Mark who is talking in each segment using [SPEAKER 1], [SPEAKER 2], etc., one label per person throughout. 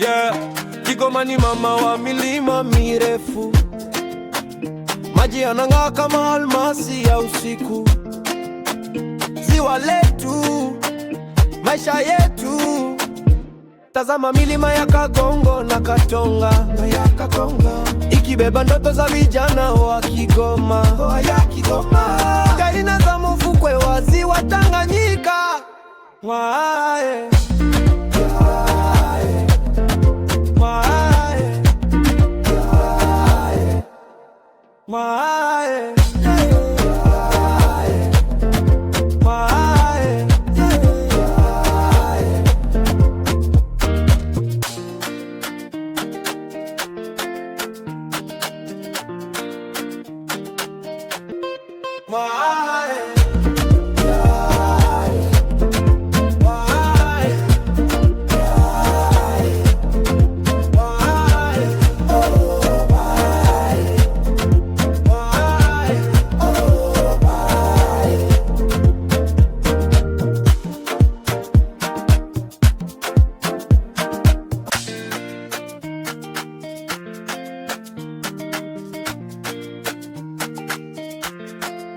[SPEAKER 1] yeah. Kigoma ni mama wa milima mirefu, maji yanang'aa kama almasi ya usiku. Ziwa letu, maisha yetu. Tazama milima ya Kagongo na Katonga,
[SPEAKER 2] ya Katonga
[SPEAKER 1] ikibeba ndoto za vijana wa Kigoma,
[SPEAKER 2] ya Kigoma,
[SPEAKER 1] karina za mfukwe wa ziwa Tanganyika. Wae. my My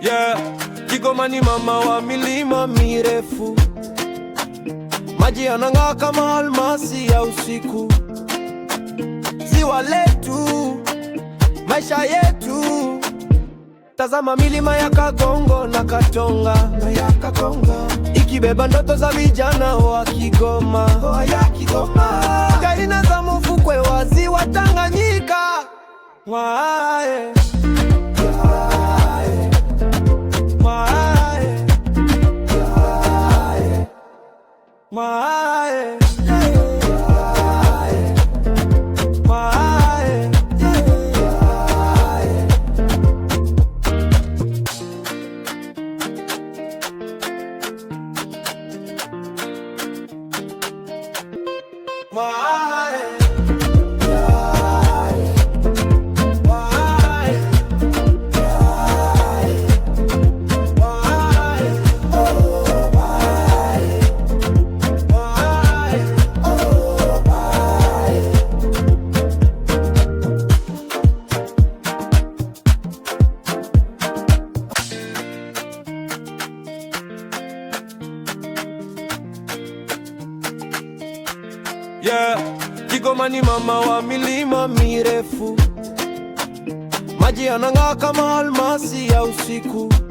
[SPEAKER 1] yeah. Kigoma ni mama wa milima mirefu, maji yanang'aa kama almasi ya usiku. Ziwa letu, maisha yetu. Tazama milima ya Kagongo na Katonga,
[SPEAKER 2] na ya Katonga
[SPEAKER 1] ikibeba ndoto za vijana wa Kigoma,
[SPEAKER 2] ya Kigoma,
[SPEAKER 1] Karina za mfukwe wa Ziwa Tanganyika. Wae. Eh. my my yeah. Kigoma ni mama wa milima mirefu, maji yanang'aa kama almasi ya usiku.